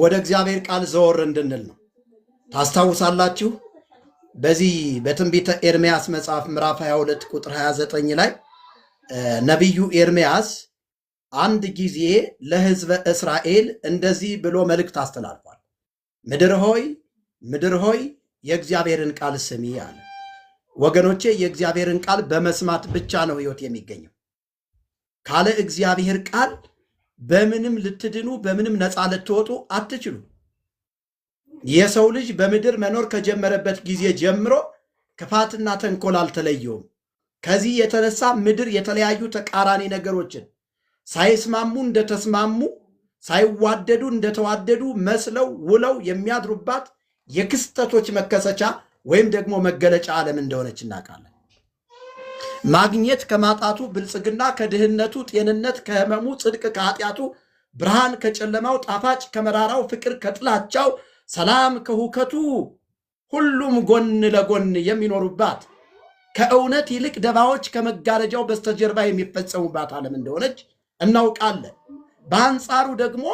ወደ እግዚአብሔር ቃል ዘወር እንድንል ነው። ታስታውሳላችሁ በዚህ በትንቢተ ኤርምያስ መጽሐፍ ምዕራፍ 22 ቁጥር 29 ላይ ነቢዩ ኤርምያስ አንድ ጊዜ ለሕዝበ እስራኤል እንደዚህ ብሎ መልእክት አስተላልፏል። ምድር ሆይ ምድር ሆይ የእግዚአብሔርን ቃል ስሚ አለ። ወገኖቼ የእግዚአብሔርን ቃል በመስማት ብቻ ነው ሕይወት የሚገኘው። ካለ እግዚአብሔር ቃል በምንም ልትድኑ በምንም ነፃ ልትወጡ አትችሉ። የሰው ልጅ በምድር መኖር ከጀመረበት ጊዜ ጀምሮ ክፋትና ተንኮል አልተለየውም። ከዚህ የተነሳ ምድር የተለያዩ ተቃራኒ ነገሮችን ሳይስማሙ እንደተስማሙ ሳይዋደዱ እንደተዋደዱ መስለው ውለው የሚያድሩባት የክስተቶች መከሰቻ ወይም ደግሞ መገለጫ ዓለም እንደሆነች እናውቃለን። ማግኘት ከማጣቱ ብልጽግና፣ ከድህነቱ ጤንነት፣ ከህመሙ ጽድቅ፣ ከኃጢአቱ ብርሃን፣ ከጨለማው ጣፋጭ፣ ከመራራው ፍቅር፣ ከጥላቻው ሰላም፣ ከሁከቱ ሁሉም ጎን ለጎን የሚኖሩባት ከእውነት ይልቅ ደባዎች ከመጋረጃው በስተጀርባ የሚፈጸሙባት ዓለም እንደሆነች እናውቃለን። በአንጻሩ ደግሞ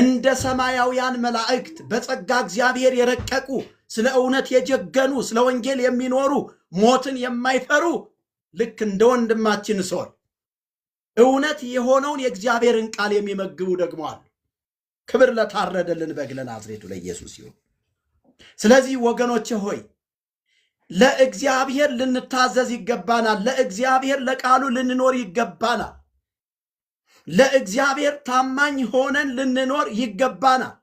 እንደ ሰማያውያን መላእክት በጸጋ እግዚአብሔር የረቀቁ ስለ እውነት የጀገኑ ስለ ወንጌል የሚኖሩ ሞትን የማይፈሩ ልክ እንደ ወንድማችን ሶል እውነት የሆነውን የእግዚአብሔርን ቃል የሚመግቡ ደግሞ አሉ። ክብር ለታረደልን በግ ለናዝሬቱ ለኢየሱስ ይሁን። ስለዚህ ወገኖች ሆይ ለእግዚአብሔር ልንታዘዝ ይገባናል። ለእግዚአብሔር ለቃሉ ልንኖር ይገባናል። ለእግዚአብሔር ታማኝ ሆነን ልንኖር ይገባናል።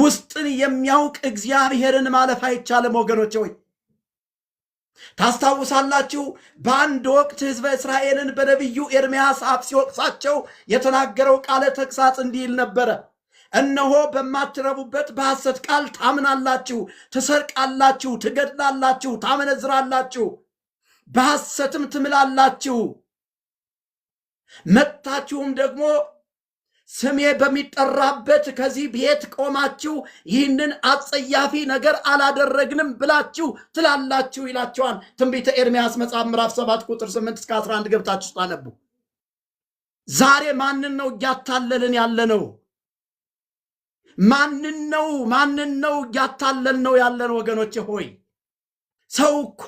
ውስጥን የሚያውቅ እግዚአብሔርን ማለፍ አይቻልም ወገኖች ሆይ ታስታውሳላችሁ። በአንድ ወቅት ህዝበ እስራኤልን በነቢዩ ኤርምያስ አፍ ሲወቅሳቸው የተናገረው ቃለ ተግሳጽ እንዲል ነበረ። እነሆ በማትረቡበት በሐሰት ቃል ታምናላችሁ፣ ትሰርቃላችሁ፣ ትገድላላችሁ፣ ታመነዝራላችሁ፣ በሐሰትም ትምላላችሁ መጥታችሁም ደግሞ ስሜ በሚጠራበት ከዚህ ቤት ቆማችሁ ይህንን አጸያፊ ነገር አላደረግንም ብላችሁ ትላላችሁ ይላቸዋል። ትንቢተ ኤርምያስ መጽሐፍ ምዕራፍ 7 ቁጥር 8 እስከ 11 ገብታችሁ ታነቡ። ዛሬ ማንን ነው እያታለልን ያለ ነው? ማንን ነው ማንን ነው እያታለልን ነው ያለን? ወገኖች ሆይ ሰው እኮ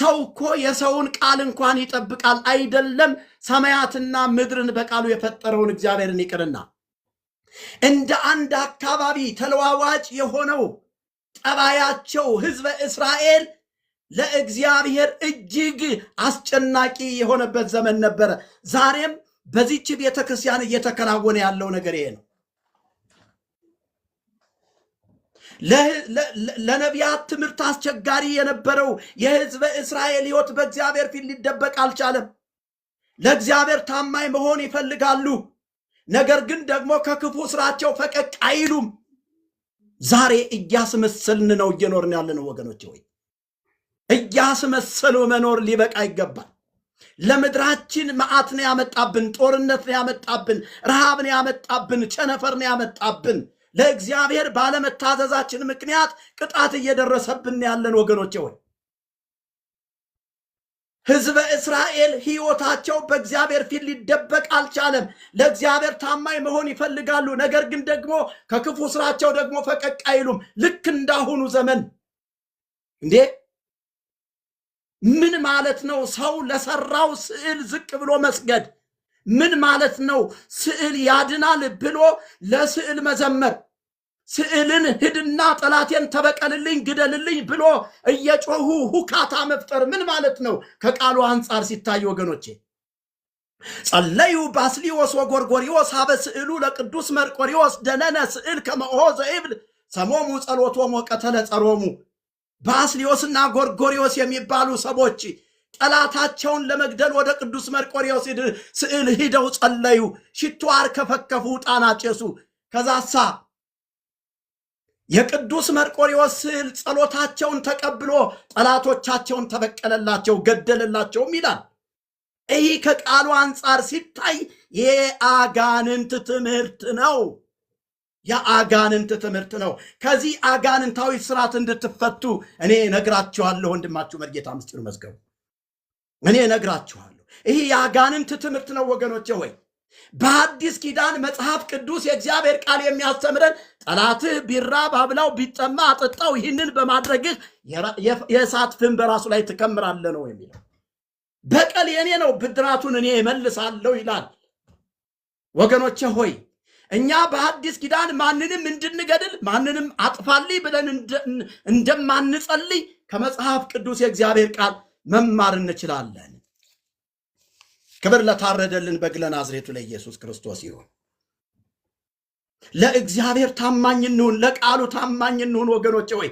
ሰው እኮ የሰውን ቃል እንኳን ይጠብቃል አይደለም ሰማያትና ምድርን በቃሉ የፈጠረውን እግዚአብሔርን ይቅርና እንደ አንድ አካባቢ ተለዋዋጭ የሆነው ጠባያቸው ህዝበ እስራኤል ለእግዚአብሔር እጅግ አስጨናቂ የሆነበት ዘመን ነበረ። ዛሬም በዚች ቤተ ክርስቲያን እየተከናወነ ያለው ነገር ይሄ ነው። ለነቢያት ትምህርት አስቸጋሪ የነበረው የሕዝበ እስራኤል ሕይወት በእግዚአብሔር ፊት ሊደበቅ አልቻለም። ለእግዚአብሔር ታማኝ መሆን ይፈልጋሉ። ነገር ግን ደግሞ ከክፉ ስራቸው ፈቀቅ አይሉም። ዛሬ እያስመሰልን ነው እየኖርን ያለነው ወገኖች፣ ወይ እያስመሰሉ መኖር ሊበቃ ይገባል። ለምድራችን መዓት ነው ያመጣብን፣ ጦርነት ነው ያመጣብን፣ ረሃብ ነው ያመጣብን፣ ቸነፈር ነው ያመጣብን። ለእግዚአብሔር ባለመታዘዛችን ምክንያት ቅጣት እየደረሰብን ያለን ወገኖቼ ሆይ ሕዝበ እስራኤል ሕይወታቸው በእግዚአብሔር ፊት ሊደበቅ አልቻለም። ለእግዚአብሔር ታማኝ መሆን ይፈልጋሉ። ነገር ግን ደግሞ ከክፉ ስራቸው ደግሞ ፈቀቅ አይሉም። ልክ እንዳሁኑ ዘመን እንዴ ምን ማለት ነው? ሰው ለሰራው ስዕል ዝቅ ብሎ መስገድ ምን ማለት ነው? ስዕል ያድናል ብሎ ለስዕል መዘመር፣ ስዕልን ሂድና ጠላቴን ተበቀልልኝ፣ ግደልልኝ ብሎ እየጮሁ ሁካታ መፍጠር ምን ማለት ነው? ከቃሉ አንጻር ሲታይ ወገኖቼ ጸለዩ ባስሊዮስ ወጎርጎሪዎስ ሀበ ስዕሉ ለቅዱስ መርቆሪዎስ ደነነ ስዕል ከመኦሆ ዘይብል ሰሞሙ ጸሎቶሞ ቀተለ ጸሮሙ። ባስሊዮስና ጎርጎሪዎስ የሚባሉ ሰቦች ጠላታቸውን ለመግደል ወደ ቅዱስ መርቆሬዎስ ስዕል ሂደው ጸለዩ። ሽቶ አርከፈከፉ፣ ዕጣን አጨሱ። ከዛሳ የቅዱስ መርቆሪዎስ ስዕል ጸሎታቸውን ተቀብሎ ጠላቶቻቸውን ተበቀለላቸው፣ ገደለላቸውም ይላል። ይህ ከቃሉ አንጻር ሲታይ የአጋንንት ትምህርት ነው። የአጋንንት ትምህርት ነው። ከዚህ አጋንንታዊ ስርዓት እንድትፈቱ እኔ ነግራችኋለሁ። ወንድማችሁ መርጌታ ምስጢር መዝገቡ እኔ እነግራችኋለሁ። ይህ የአጋንንት ትምህርት ነው ወገኖቼ ወይ በአዲስ ኪዳን መጽሐፍ ቅዱስ የእግዚአብሔር ቃል የሚያስተምረን ጠላትህ ቢራብ አብላው፣ ቢጠማ አጠጣው፣ ይህንን በማድረግህ የእሳት ፍም በራሱ ላይ ትከምራለህ ነው የሚለው። በቀል የእኔ ነው፣ ብድራቱን እኔ እመልሳለሁ ይላል። ወገኖቼ ሆይ እኛ በአዲስ ኪዳን ማንንም እንድንገድል ማንንም አጥፋልኝ ብለን እንደማንጸልይ ከመጽሐፍ ቅዱስ የእግዚአብሔር ቃል መማር እንችላለን። ክብር ለታረደልን በግ ለናዝሬቱ ለኢየሱስ ክርስቶስ ይሁን። ለእግዚአብሔር ታማኝ እንሁን፣ ለቃሉ ታማኝ እንሁን። ወገኖች ወይ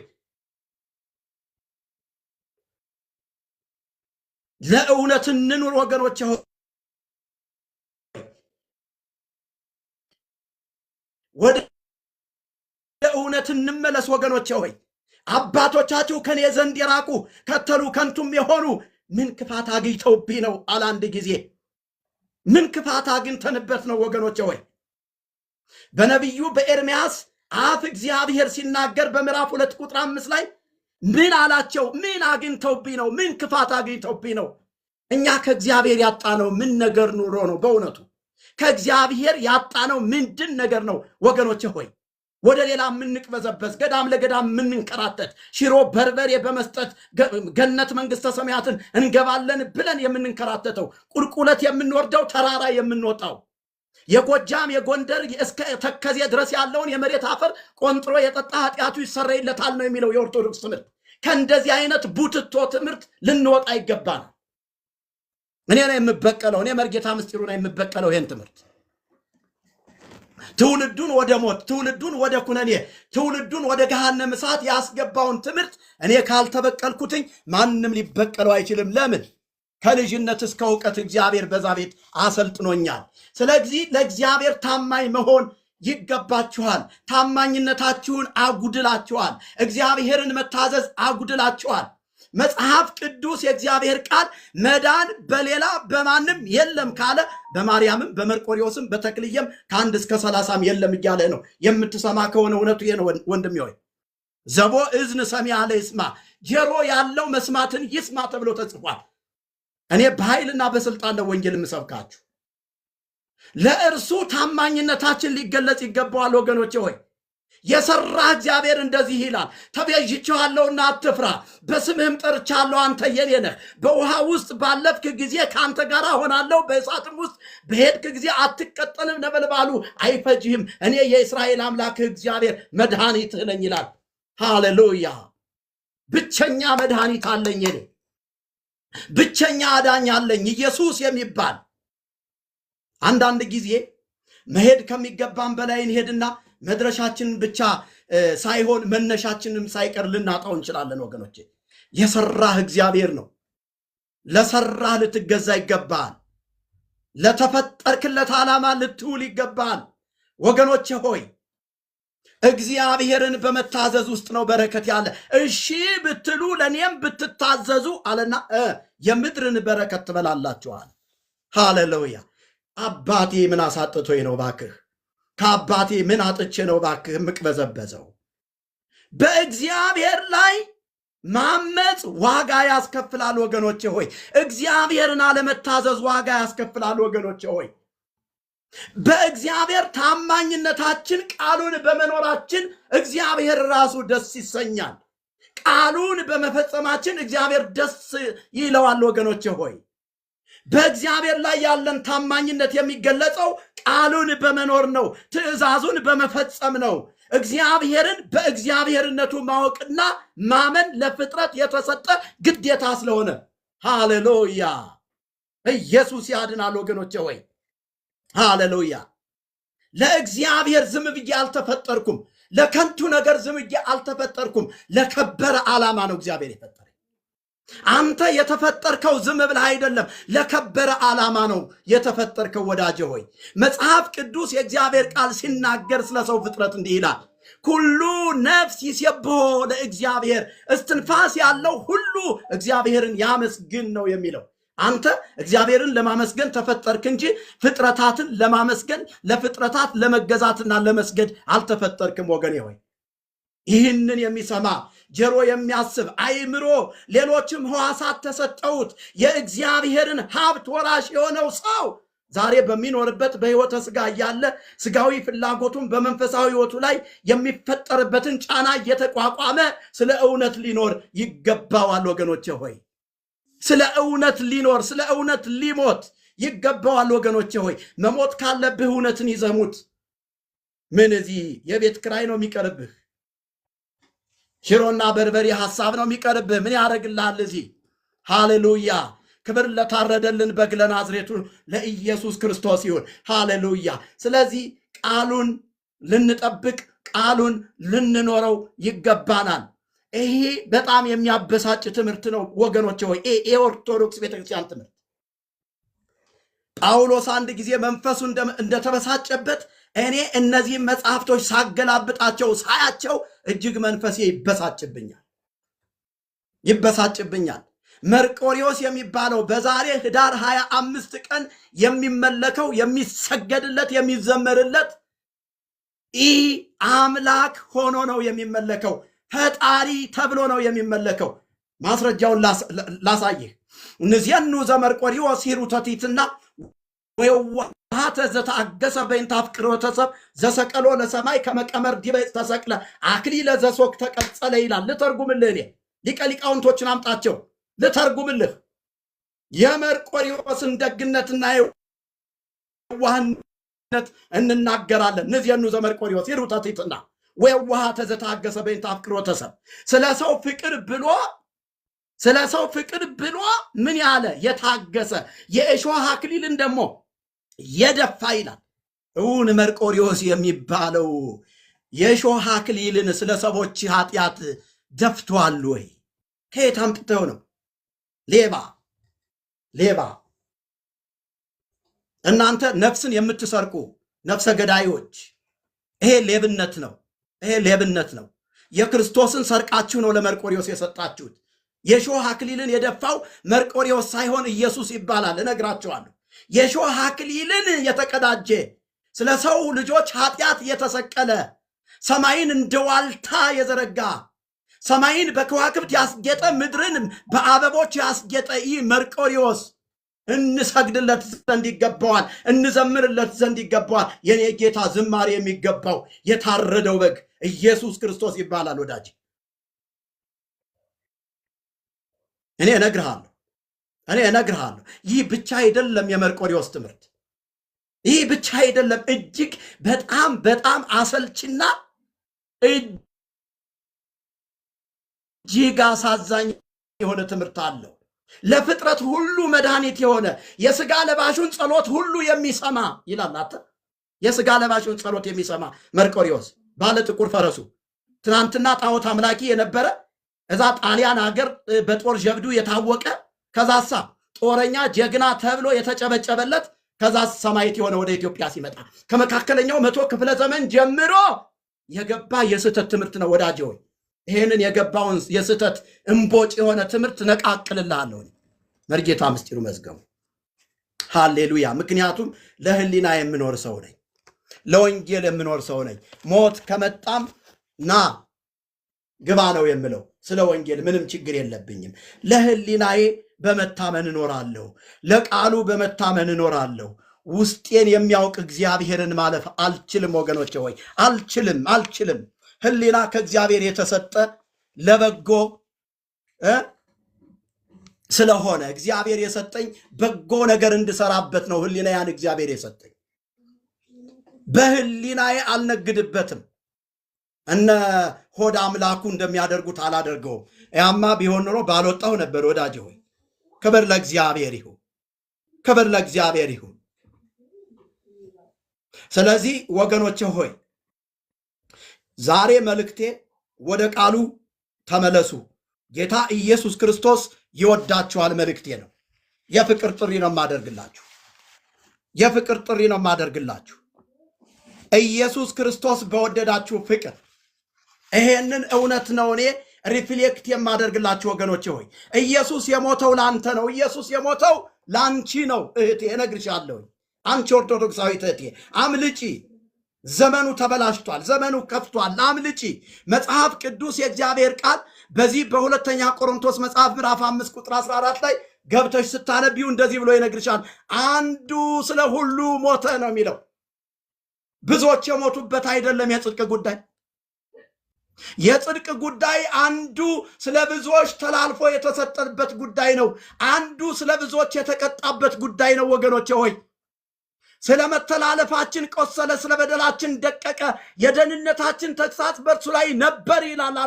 ለእውነት እንኑር። ወገኖች ሆይ ወደ እውነት እንመለስ። ወገኖች ሆይ አባቶቻችሁ ከኔ ዘንድ የራቁ ከተሉ ከንቱም የሆኑ ምን ክፋት አግኝተውብኝ ነው? አለ አንድ ጊዜ። ምን ክፋት አግኝተንበት ነው ወገኖች ወይ በነቢዩ በኤርምያስ አፍ እግዚአብሔር ሲናገር በምዕራፍ ሁለት ቁጥር አምስት ላይ ምን አላቸው? ምን አግኝተውብኝ ነው? ምን ክፋት አግኝተውብኝ ነው? እኛ ከእግዚአብሔር ያጣነው ምን ነገር ኑሮ ነው? በእውነቱ ከእግዚአብሔር ያጣነው ምንድን ነገር ነው ወገኖች ሆይ ወደ ሌላ የምንቅበዘበዝ ገዳም ለገዳም የምንንቀራተት ሽሮ በርበሬ በመስጠት ገነት መንግስተ ሰማያትን እንገባለን ብለን የምንንከራተተው ቁልቁለት የምንወርደው ተራራ የምንወጣው የጎጃም የጎንደር እስከ ተከዜ ድረስ ያለውን የመሬት አፈር ቆንጥሮ የጠጣ ኃጢአቱ ይሰረይለታል ነው የሚለው የኦርቶዶክስ ትምህርት። ከእንደዚህ አይነት ቡትቶ ትምህርት ልንወጣ ይገባናል። እኔ ነው የምበቀለው። እኔ መርጌታ ምስጢሩ ነው የምበቀለው ይሄን ትምህርት ትውልዱን ወደ ሞት፣ ትውልዱን ወደ ኩነኔ፣ ትውልዱን ወደ ገሃነም እሳት ያስገባውን ትምህርት እኔ ካልተበቀልኩትኝ ማንም ሊበቀለው አይችልም። ለምን? ከልጅነት እስከ እውቀት እግዚአብሔር በዛ ቤት አሰልጥኖኛል። ስለዚህ ለእግዚአብሔር ታማኝ መሆን ይገባችኋል። ታማኝነታችሁን አጉድላችኋል። እግዚአብሔርን መታዘዝ አጉድላችኋል። መጽሐፍ ቅዱስ የእግዚአብሔር ቃል መዳን በሌላ በማንም የለም ካለ በማርያምም በመርቆሪዎስም በተክልየም ከአንድ እስከ ሰላሳም የለም እያለ ነው። የምትሰማ ከሆነ እውነቱ ይህ ነው ወንድሜ ሆይ ዘቦ እዝን ሰሚ ያለ ይስማ፣ ጆሮ ያለው መስማትን ይስማ ተብሎ ተጽፏል። እኔ በኃይልና በስልጣን ነው ወንጌል የምሰብካችሁ። ለእርሱ ታማኝነታችን ሊገለጽ ይገባዋል። ወገኖቼ ሆይ የሰራህ እግዚአብሔር እንደዚህ ይላል፣ ተቤዥቼዋለሁና አትፍራ፣ በስምህም ጠርቻለሁ፣ አንተ የኔ ነህ። በውሃ ውስጥ ባለፍክ ጊዜ ከአንተ ጋር ሆናለሁ፣ በእሳትም ውስጥ በሄድክ ጊዜ አትቀጠልም፣ ነበልባሉ አይፈጅህም። እኔ የእስራኤል አምላክህ እግዚአብሔር መድኃኒትህ ነኝ ይላል። ሃሌሉያ! ብቸኛ መድኃኒት አለኝ፣ እኔ ብቸኛ አዳኝ አለኝ፣ ኢየሱስ የሚባል አንዳንድ ጊዜ መሄድ ከሚገባን በላይ እንሄድና መድረሻችን ብቻ ሳይሆን መነሻችንም ሳይቀር ልናጣው እንችላለን ወገኖች የሰራህ እግዚአብሔር ነው። ለሰራህ ልትገዛ ይገባል። ለተፈጠርክለት ዓላማ ልትውል ይገባል። ወገኖች ሆይ እግዚአብሔርን በመታዘዝ ውስጥ ነው በረከት ያለ። እሺ ብትሉ ለእኔም ብትታዘዙ አለና የምድርን በረከት ትበላላችኋል። ሃሌሉያ። አባቴ ምን አሳጥቶኝ ነው ባክህ ከአባቴ ምን አጥቼ ነው እባክህ የምቅበዘበዘው? በእግዚአብሔር ላይ ማመፅ ዋጋ ያስከፍላል ወገኖቼ ሆይ። እግዚአብሔርን አለመታዘዝ ዋጋ ያስከፍላል ወገኖቼ ሆይ። በእግዚአብሔር ታማኝነታችን ቃሉን በመኖራችን እግዚአብሔር ራሱ ደስ ይሰኛል። ቃሉን በመፈጸማችን እግዚአብሔር ደስ ይለዋል ወገኖቼ ሆይ በእግዚአብሔር ላይ ያለን ታማኝነት የሚገለጸው ቃሉን በመኖር ነው፣ ትእዛዙን በመፈጸም ነው። እግዚአብሔርን በእግዚአብሔርነቱ ማወቅና ማመን ለፍጥረት የተሰጠ ግዴታ ስለሆነ፣ ሃሌሉያ! ኢየሱስ ያድናል ወገኖቼ፣ ወይ ሃሌሉያ! ለእግዚአብሔር ዝም ብዬ አልተፈጠርኩም። ለከንቱ ነገር ዝም ብዬ አልተፈጠርኩም። ለከበረ ዓላማ ነው እግዚአብሔር የፈጠረ አንተ የተፈጠርከው ዝም ብለህ አይደለም፣ ለከበረ ዓላማ ነው የተፈጠርከው። ወዳጀ ሆይ መጽሐፍ ቅዱስ የእግዚአብሔር ቃል ሲናገር ስለ ሰው ፍጥረት እንዲህ ይላል፣ ሁሉ ነፍስ ይሴብሖ ለእግዚአብሔር፣ እስትንፋስ ያለው ሁሉ እግዚአብሔርን ያመስግን ነው የሚለው። አንተ እግዚአብሔርን ለማመስገን ተፈጠርክ እንጂ ፍጥረታትን ለማመስገን ለፍጥረታት ለመገዛትና ለመስገድ አልተፈጠርክም ወገኔ ሆይ ይህንን የሚሰማ ጆሮ የሚያስብ አይምሮ፣ ሌሎችም ህዋሳት ተሰጠውት የእግዚአብሔርን ሀብት ወራሽ የሆነው ሰው ዛሬ በሚኖርበት በህይወተ ስጋ እያለ ስጋዊ ፍላጎቱን በመንፈሳዊ ህይወቱ ላይ የሚፈጠርበትን ጫና እየተቋቋመ ስለ እውነት ሊኖር ይገባዋል። ወገኖቼ ሆይ ስለ እውነት ሊኖር ስለ እውነት ሊሞት ይገባዋል። ወገኖቼ ሆይ መሞት ካለብህ እውነትን ይዘሙት። ምን እዚህ የቤት ክራይ ነው የሚቀርብህ? ሽሮና በርበሬ ሐሳብ ነው የሚቀርብህ። ምን ያደርግልሃል እዚህ? ሃሌሉያ! ክብር ለታረደልን በግ ለናዝሬቱ ለኢየሱስ ክርስቶስ ይሁን። ሃሌሉያ! ስለዚህ ቃሉን ልንጠብቅ፣ ቃሉን ልንኖረው ይገባናል። ይሄ በጣም የሚያበሳጭ ትምህርት ነው ወገኖች ሆይ፣ የኦርቶዶክስ ቤተክርስቲያን ትምህርት ጳውሎስ አንድ ጊዜ መንፈሱ እንደተበሳጨበት እኔ እነዚህም መጽሐፍቶች ሳገላብጣቸው ሳያቸው እጅግ መንፈሴ ይበሳጭብኛል ይበሳጭብኛል። መርቆሪዎስ የሚባለው በዛሬ ህዳር ሀያ አምስት ቀን የሚመለከው የሚሰገድለት የሚዘመርለት ኢ አምላክ ሆኖ ነው የሚመለከው። ፈጣሪ ተብሎ ነው የሚመለከው። ማስረጃውን ላሳይህ። ንዜኑ ዘመርቆሪዎስ ሂሩተቲትና ወይዋ ሀተ ዘተአገሰ በይንታፍቅሮ ቅሮተሰብ ዘሰቀሎ ለሰማይ ከመቀመር ዲበ ተሰቅለ አክሊለ ዘሶክ ተቀጸለ ይላል። ልተርጉምልህ እኔ ሊቀ ሊቃውንቶችን አምጣቸው ልተርጉምልህ የመርቆሪዎስን ደግነትና የዋህነት እንናገራለን። ንዜኑ ዘመርቆሪዎስ ይሩተቲትና ወየዋሃተ ዘተአገሰ በይንታፍቅሮ ተሰብ ስለ ሰው ፍቅር ብሎ ስለ ሰው ፍቅር ብሎ ምን ያለ የታገሰ የእሾህ አክሊልን ደግሞ የደፋ ይላል። እውን መርቆሪዎስ የሚባለው የሾህ አክሊልን ስለ ሰዎች ኃጢአት ደፍቷል ወይ? ከየት አምጥተው ነው? ሌባ ሌባ እናንተ ነፍስን የምትሰርቁ ነፍሰ ገዳዮች፣ ይሄ ሌብነት ነው። ይሄ ሌብነት ነው። የክርስቶስን ሰርቃችሁ ነው ለመርቆሪዎስ የሰጣችሁት። የሾህ አክሊልን የደፋው መርቆሪዎስ ሳይሆን ኢየሱስ ይባላል። እነግራችኋለሁ። የሾህ አክሊልን የተቀዳጀ ስለ ሰው ልጆች ኃጢአት የተሰቀለ ሰማይን እንደ ዋልታ የዘረጋ ሰማይን በከዋክብት ያስጌጠ ምድርን በአበቦች ያስጌጠ ይህ መርቆሪዎስ እንሰግድለት ዘንድ ይገባዋል፣ እንዘምርለት ዘንድ ይገባዋል። የኔ ጌታ ዝማሬ የሚገባው የታረደው በግ ኢየሱስ ክርስቶስ ይባላል። ወዳጅ እኔ እነግርሃለሁ እኔ እነግርሃለሁ፣ ይህ ብቻ አይደለም የመርቆሪዎስ ትምህርት። ይህ ብቻ አይደለም። እጅግ በጣም በጣም አሰልችና እጅግ አሳዛኝ የሆነ ትምህርት አለው። ለፍጥረት ሁሉ መድኃኒት የሆነ የስጋ ለባሹን ጸሎት ሁሉ የሚሰማ ይላል። አተ ለባሹን ጸሎት የሚሰማ መርቆሪዎስ ባለ ጥቁር ፈረሱ ትናንትና ጣዖት አምላኪ የነበረ እዛ ጣሊያን ሀገር በጦር ጀብዱ የታወቀ ከዛሳ ጦረኛ ጀግና ተብሎ የተጨበጨበለት ከዛ ሰማይት የሆነ ወደ ኢትዮጵያ ሲመጣ ከመካከለኛው መቶ ክፍለ ዘመን ጀምሮ የገባ የስህተት ትምህርት ነው። ወዳጅ ሆይ ይህንን የገባውን የስህተት እምቦጭ የሆነ ትምህርት ነቃቅልልሃለሁ። መርጌታ ምስጢሩ መዝገቡ ሃሌሉያ። ምክንያቱም ለህሊና የምኖር ሰው ነኝ፣ ለወንጌል የምኖር ሰው ነኝ። ሞት ከመጣም ና ግባ ነው የምለው። ስለ ወንጌል ምንም ችግር የለብኝም። ለህሊናዬ በመታመን እኖራለሁ። ለቃሉ በመታመን እኖራለሁ። ውስጤን የሚያውቅ እግዚአብሔርን ማለፍ አልችልም። ወገኖቼ ሆይ አልችልም፣ አልችልም። ህሊና ከእግዚአብሔር የተሰጠ ለበጎ ስለሆነ እግዚአብሔር የሰጠኝ በጎ ነገር እንድሰራበት ነው። ህሊና ያን እግዚአብሔር የሰጠኝ በህሊና አልነግድበትም። እነ ሆድ አምላኩ እንደሚያደርጉት አላደርገውም። ያማ ቢሆን ኖሮ ባልወጣሁ ነበር። ወዳጅ ሆይ ክብር ለእግዚአብሔር ይሁን። ክብር ለእግዚአብሔር ይሁን። ስለዚህ ወገኖች ሆይ ዛሬ መልእክቴ ወደ ቃሉ ተመለሱ። ጌታ ኢየሱስ ክርስቶስ ይወዳችኋል። መልእክቴ ነው። የፍቅር ጥሪ ነው የማደርግላችሁ። የፍቅር ጥሪ ነው የማደርግላችሁ። ኢየሱስ ክርስቶስ በወደዳችሁ ፍቅር ይሄንን እውነት ነው እኔ ሪፍሌክት የማደርግላችሁ ወገኖቼ ሆይ ኢየሱስ የሞተው ለአንተ ነው። ኢየሱስ የሞተው ለአንቺ ነው እህቴ፣ እነግርሻለሁኝ። አንቺ ኦርቶዶክሳዊት እህቴ አምልጪ። ዘመኑ ተበላሽቷል። ዘመኑ ከፍቷል። አምልጪ። መጽሐፍ ቅዱስ የእግዚአብሔር ቃል በዚህ በሁለተኛ ቆሮንቶስ መጽሐፍ ምዕራፍ አምስት ቁጥር 14 ላይ ገብተሽ ስታነቢው እንደዚህ ብሎ ይነግርሻል። አንዱ ስለ ሁሉ ሞተ ነው የሚለው። ብዙዎች የሞቱበት አይደለም የጽድቅ ጉዳይ የጽድቅ ጉዳይ አንዱ ስለ ብዙዎች ተላልፎ የተሰጠበት ጉዳይ ነው። አንዱ ስለ ብዙዎች የተቀጣበት ጉዳይ ነው። ወገኖቼ ሆይ ስለ መተላለፋችን ቆሰለ፣ ስለ በደላችን ደቀቀ፣ የደህንነታችን ተግሳጽ በእርሱ ላይ ነበር ይላል።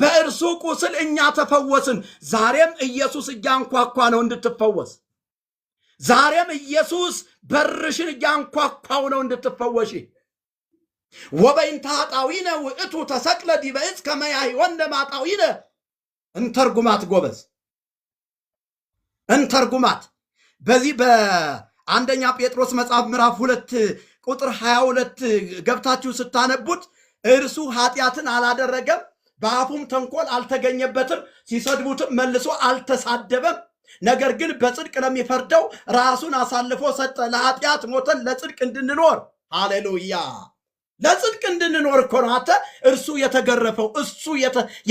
በእርሱ ቁስል እኛ ተፈወስን። ዛሬም ኢየሱስ እያንኳኳ ነው እንድትፈወስ። ዛሬም ኢየሱስ በርሽን እያንኳኳው ነው እንድትፈወሽ። ወበይንተ ኃጣዊነ ውእቱ ተሰቅለ ዲበ ዕፅ ከመ ያሕይወነ እንተርጉማት ጎበዝ እንተርጉማት በዚህ በአንደኛ ጴጥሮስ መጽሐፍ ምዕራፍ ሁለት ቁጥር ሀያ ሁለት ገብታችሁ ስታነቡት እርሱ ኃጢአትን አላደረገም፣ በአፉም ተንኮል አልተገኘበትም፣ ሲሰድቡትም መልሶ አልተሳደበም። ነገር ግን በጽድቅ ለሚፈርደው ራሱን አሳልፎ ሰጠ። ለኃጢአት ሞተን ለጽድቅ እንድንኖር ሃሌሉያ። ለጽድቅ እንድንኖር እኮ ነው። አንተ እርሱ የተገረፈው፣ እሱ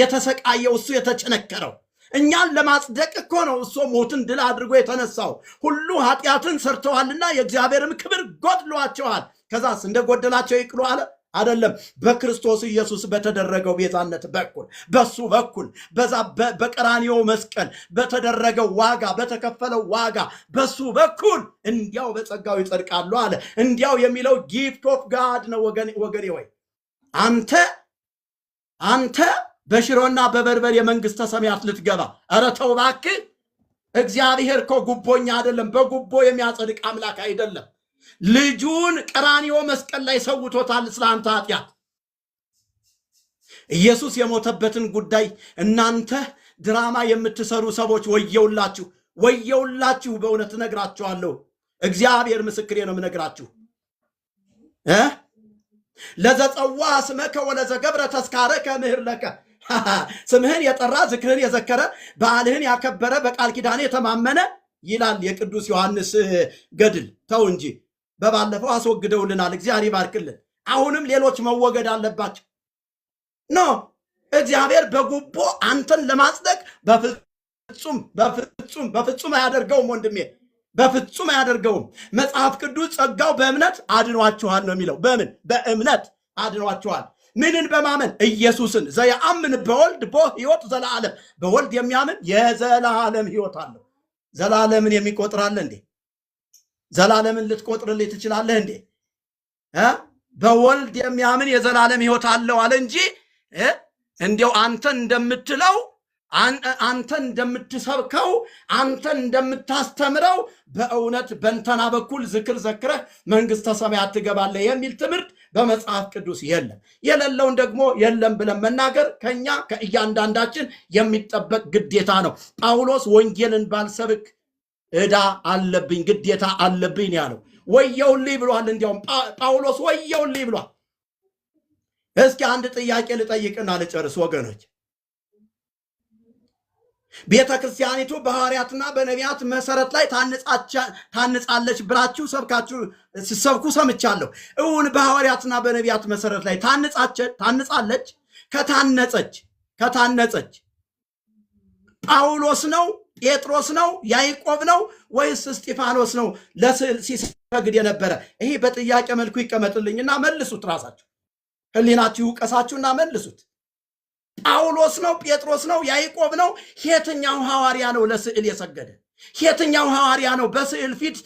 የተሰቃየው፣ እሱ የተጨነከረው እኛን ለማጽደቅ እኮ ነው። እሱ ሞትን ድል አድርጎ የተነሳው። ሁሉ ኃጢአትን ሰርተዋልና የእግዚአብሔርም ክብር ጎድሏቸዋል። ከዛስ እንደ ጎደላቸው ይቅሉ አለ። አይደለም በክርስቶስ ኢየሱስ በተደረገው ቤዛነት በኩል በሱ በኩል በዛ በቀራኒዮ መስቀል በተደረገው ዋጋ በተከፈለው ዋጋ በሱ በኩል እንዲያው በጸጋው ይጸድቃሉ አለ። እንዲያው የሚለው ጊፍት ኦፍ ጋድ ነው። ወገኔ ወይ አንተ አንተ በሽሮና በበርበሬ የመንግስት ሰማያት ልትገባ ኧረ ተው እባክህ። እግዚአብሔር እኮ ጉቦኛ አይደለም። በጉቦ የሚያጸድቅ አምላክ አይደለም። ልጁን ቀራንዮ መስቀል ላይ ሰውቶታል ስለ አንተ ኃጢአት። ኢየሱስ የሞተበትን ጉዳይ እናንተ ድራማ የምትሰሩ ሰዎች ወየውላችሁ፣ ወየውላችሁ። በእውነት እነግራችኋለሁ፣ እግዚአብሔር ምስክሬ ነው የምነግራችሁ እ ለዘጸዋ ስመከ ወለዘገብረ ተስካረከ ለከ ስምህን የጠራ ዝክርህን የዘከረ በዓልህን ያከበረ በቃል ኪዳን የተማመነ ይላል የቅዱስ ዮሐንስ ገድል። ተው እንጂ በባለፈው አስወግደውልናል። እግዚአብሔር ይባርክልን። አሁንም ሌሎች መወገድ አለባቸው። ኖ እግዚአብሔር በጉቦ አንተን ለማጽደቅ በፍጹም በፍጹም በፍጹም አያደርገውም ወንድሜ በፍጹም አያደርገውም። መጽሐፍ ቅዱስ ጸጋው በእምነት አድኗችኋል ነው የሚለው። በምን በእምነት አድኗችኋል። ምንን በማመን ኢየሱስን። ዘያአምን በወልድ ቦ ህይወት ዘላለም፣ በወልድ የሚያምን የዘላለም ህይወት አለው። ዘላለምን የሚቆጥራለ እንዴ? ዘላለምን ልትቆጥርልኝ ትችላለህ እንዴ? በወልድ የሚያምን የዘላለም ሕይወት አለው አለ እንጂ እንዲያው አንተ እንደምትለው አንተ እንደምትሰብከው አንተ እንደምታስተምረው በእውነት በእንተና በኩል ዝክር ዘክረህ መንግሥተ ሰማያት ትገባለህ የሚል ትምህርት በመጽሐፍ ቅዱስ የለም። የሌለውን ደግሞ የለም ብለን መናገር ከኛ ከእያንዳንዳችን የሚጠበቅ ግዴታ ነው። ጳውሎስ ወንጌልን ባልሰብክ እዳ አለብኝ፣ ግዴታ አለብኝ ያለው ወየውልኝ ብሏል። እንዲያውም ጳውሎስ ወየውልኝ ብሏል። እስኪ አንድ ጥያቄ ልጠይቅና ልጨርስ ወገኖች። ቤተ ክርስቲያኒቱ በሐዋርያትና በነቢያት መሰረት ላይ ታንጻለች ብላችሁ ሰብካችሁ ሲሰብኩ ሰምቻለሁ። እውን በሐዋርያትና በነቢያት መሰረት ላይ ታንጻለች? ከታነጸች ከታነጸች ጳውሎስ ነው ጴጥሮስ ነው ያዕቆብ ነው ወይስ እስጢፋኖስ ነው ሲሰግድ የነበረ? ይሄ በጥያቄ መልኩ ይቀመጥልኝና መልሱት። ራሳችሁ ሕሊናችሁ ይውቀሳችሁና መልሱት። ጳውሎስ ነው ጴጥሮስ ነው ያዕቆብ ነው የትኛው ሐዋርያ ነው ለስዕል የሰገደ? የትኛው ሐዋርያ ነው በስዕል ፊት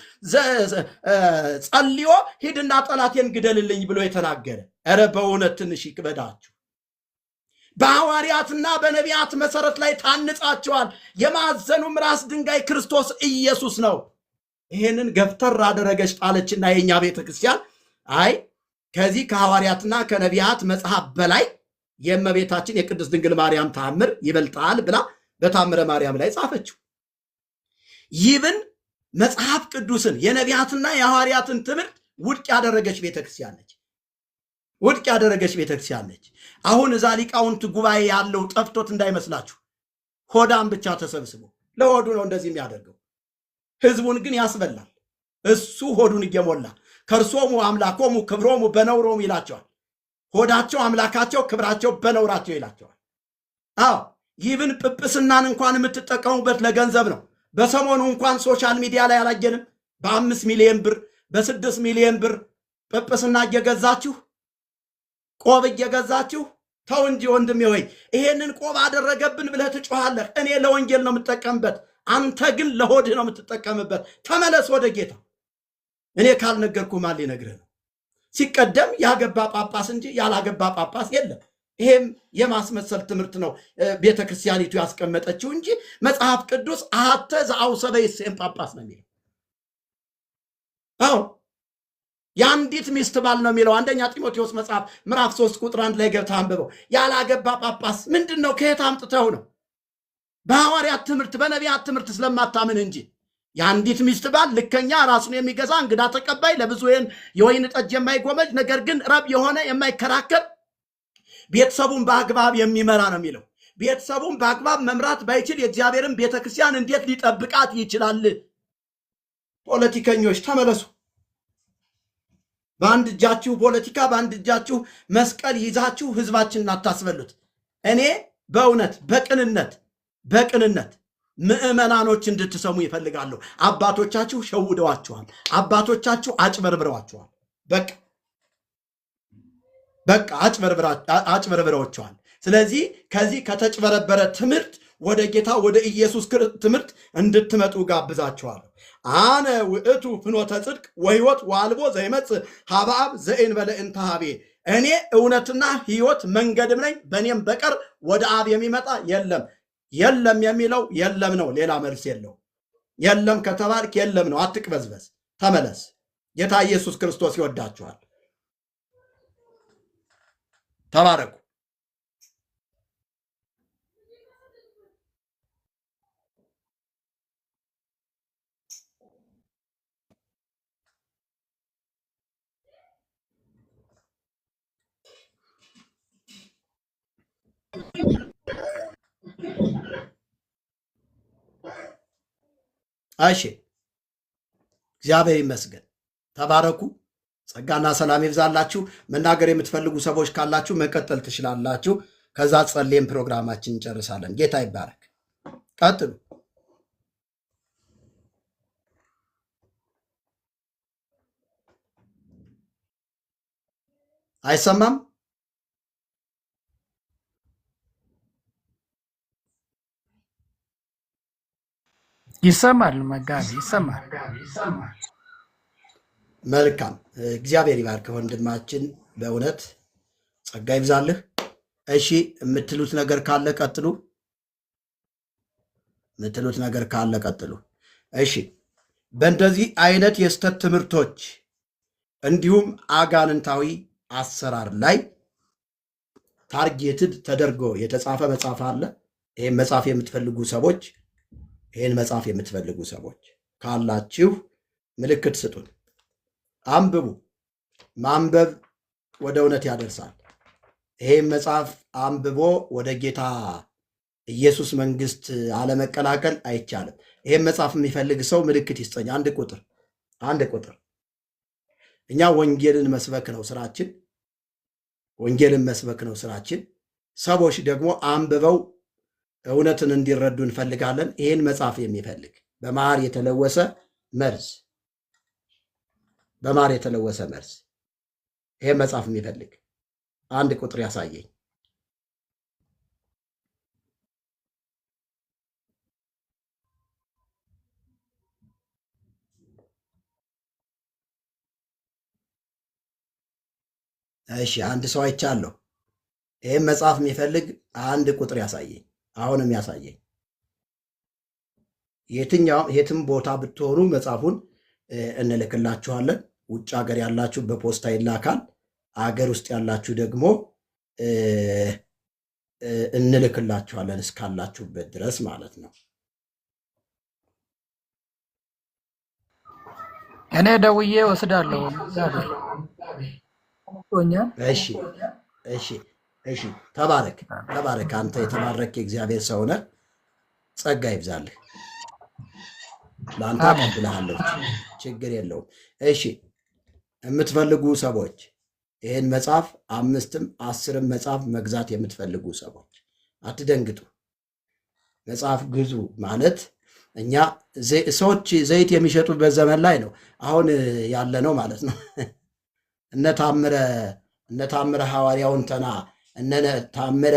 ጸልዮ ሂድና ጠላቴን ግደልልኝ ብሎ የተናገረ? ኧረ በእውነት ትንሽ ይክበዳችሁ። በሐዋርያትና በነቢያት መሰረት ላይ ታንጻቸዋል። የማዕዘኑም ራስ ድንጋይ ክርስቶስ ኢየሱስ ነው። ይህንን ገፍተር አደረገች ጣለችና የእኛ ቤተ ክርስቲያን አይ ከዚህ ከሐዋርያትና ከነቢያት መጽሐፍ በላይ የእመቤታችን የቅድስት ድንግል ማርያም ታምር ይበልጣል ብላ በታምረ ማርያም ላይ ጻፈችው። ይብን መጽሐፍ ቅዱስን የነቢያትና የሐዋርያትን ትምህርት ውድቅ ያደረገች ቤተክርስቲያን ነች። ውድቅ ያደረገች ቤተክርስቲያን ነች። አሁን እዛ ሊቃውንት ጉባኤ ያለው ጠፍቶት እንዳይመስላችሁ። ሆዳም ብቻ ተሰብስቦ ለሆዱ ነው እንደዚህ የሚያደርገው። ህዝቡን ግን ያስበላል። እሱ ሆዱን እየሞላ ከእርሶሙ አምላኮሙ ክብሮሙ በነውሮሙ ይላቸዋል። ሆዳቸው አምላካቸው፣ ክብራቸው በነውራቸው ይላቸዋል። አዎ ይህብን ጵጵስናን እንኳን የምትጠቀሙበት ለገንዘብ ነው። በሰሞኑ እንኳን ሶሻል ሚዲያ ላይ አላየንም? በአምስት ሚሊዮን ብር በስድስት ሚሊዮን ብር ጵጵስና እየገዛችሁ ቆብ እየገዛችሁ ተው እንጂ ወንድሜ ሆይ ይሄንን ቆብ አደረገብን ብለህ ትጮኻለህ። እኔ ለወንጌል ነው የምጠቀምበት፣ አንተ ግን ለሆድህ ነው የምትጠቀምበት። ተመለስ ወደ ጌታ። እኔ ካልነገርኩ ማን ሊነግርህ ነው? ሲቀደም ያገባ ጳጳስ እንጂ ያላገባ ጳጳስ የለም። ይሄም የማስመሰል ትምህርት ነው ቤተ ክርስቲያኒቱ ያስቀመጠችው እንጂ መጽሐፍ ቅዱስ አተ ዘአውሰበይ ሴም ጳጳስ ነው የሚለው አሁን የአንዲት ሚስት ባል ነው የሚለው አንደኛ ጢሞቴዎስ መጽሐፍ ምዕራፍ ሶስት ቁጥር አንድ ላይ ገብታ አንብበው። ያላገባ ጳጳስ ምንድን ነው? ከየት አምጥተው ነው? በሐዋርያት ትምህርት በነቢያት ትምህርት ስለማታምን እንጂ የአንዲት ሚስት ባል ልከኛ፣ ራሱን የሚገዛ እንግዳ ተቀባይ፣ ለብዙ የወይን ጠጅ የማይጎመጅ ነገር ግን ረብ የሆነ የማይከራከር ቤተሰቡን በአግባብ የሚመራ ነው የሚለው። ቤተሰቡን በአግባብ መምራት ባይችል የእግዚአብሔርን ቤተክርስቲያን እንዴት ሊጠብቃት ይችላል? ፖለቲከኞች ተመለሱ። በአንድ እጃችሁ ፖለቲካ፣ በአንድ እጃችሁ መስቀል ይዛችሁ ህዝባችንን አታስበሉት። እኔ በእውነት በቅንነት በቅንነት ምዕመናኖች እንድትሰሙ ይፈልጋለሁ። አባቶቻችሁ ሸውደዋችኋል። አባቶቻችሁ አጭበርብረዋችኋል። በቃ በቃ አጭበርብረዋችኋል። ስለዚህ ከዚህ ከተጭበረበረ ትምህርት ወደ ጌታ ወደ ኢየሱስ ትምህርት እንድትመጡ ጋብዛችኋለሁ። አነ ውእቱ ፍኖተ ጽድቅ ወሕይወት ዋልቦ ዘይመጽ ሀብአብ ዘእንበለ እንተ ኀቤ እኔ እውነትና ሕይወት መንገድም ነኝ፣ በእኔም በቀር ወደ አብ የሚመጣ የለም። የለም የሚለው የለም ነው፣ ሌላ መልስ የለው። የለም ከተባልክ የለም ነው። አትቅበዝበዝ፣ ተመለስ። ጌታ ኢየሱስ ክርስቶስ ይወዳችኋል። ተባረኩ። እሺ እግዚአብሔር ይመስገን። ተባረኩ። ጸጋና ሰላም ይብዛላችሁ። መናገር የምትፈልጉ ሰዎች ካላችሁ መቀጠል ትችላላችሁ። ከዛ ጸልየን ፕሮግራማችን እንጨርሳለን። ጌታ ይባረክ። ቀጥሉ። አይሰማም? ይሰማል መጋቢ ይሰማል። መልካም እግዚአብሔር ይባርክ ወንድማችን፣ በእውነት ጸጋ ይብዛልህ። እሺ የምትሉት ነገር ካለ ቀጥሉ፣ የምትሉት ነገር ካለ ቀጥሉ። እሺ በእንደዚህ አይነት የስተት ትምህርቶች እንዲሁም አጋንንታዊ አሰራር ላይ ታርጌትድ ተደርጎ የተጻፈ መጽሐፍ አለ። ይህም መጽሐፍ የምትፈልጉ ሰዎች ይህን መጽሐፍ የምትፈልጉ ሰዎች ካላችሁ ምልክት ስጡን። አንብቡ። ማንበብ ወደ እውነት ያደርሳል። ይህም መጽሐፍ አንብቦ ወደ ጌታ ኢየሱስ መንግስት አለመቀላቀል አይቻልም። ይህም መጽሐፍ የሚፈልግ ሰው ምልክት ይስጠኝ። አንድ ቁጥር አንድ ቁጥር እኛ ወንጌልን መስበክ ነው ስራችን። ወንጌልን መስበክ ነው ስራችን። ሰዎች ደግሞ አንብበው እውነትን እንዲረዱ እንፈልጋለን። ይህን መጽሐፍ የሚፈልግ በማር የተለወሰ መርዝ በማር የተለወሰ መርዝ ይህን መጽሐፍ የሚፈልግ አንድ ቁጥር ያሳየኝ። እሺ አንድ ሰው አይቻለሁ። ይህም መጽሐፍ የሚፈልግ አንድ ቁጥር ያሳየኝ። አሁንም ያሳየኝ። የትኛውም የትም ቦታ ብትሆኑ መጽሐፉን እንልክላችኋለን። ውጭ ሀገር ያላችሁ በፖስታ ይላካል። አገር ውስጥ ያላችሁ ደግሞ እንልክላችኋለን እስካላችሁበት ድረስ ማለት ነው። እኔ ደውዬ ወስዳለሁ። እሺ እሺ። እሺ ተባረክ፣ ተባረክ። አንተ የተባረክ የእግዚአብሔር ሰው ነህ። ጸጋ ይብዛልህ። ለአንተ ብልሃለሁ፣ ችግር የለውም። እሺ የምትፈልጉ ሰዎች ይህን መጽሐፍ አምስትም አስርም መጽሐፍ መግዛት የምትፈልጉ ሰዎች አትደንግጡ። መጽሐፍ ግዙ ማለት እኛ ሰዎች ዘይት የሚሸጡበት ዘመን ላይ ነው አሁን ያለ ነው ማለት ነው። እነ ታምረ እነ ታምረ ሐዋርያውን ተና እነነ ታምረ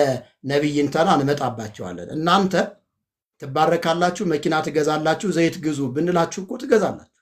ነቢይንተን እንመጣባቸዋለን። እናንተ ትባረካላችሁ፣ መኪና ትገዛላችሁ፣ ዘይት ግዙ ብንላችሁ እኮ ትገዛላችሁ።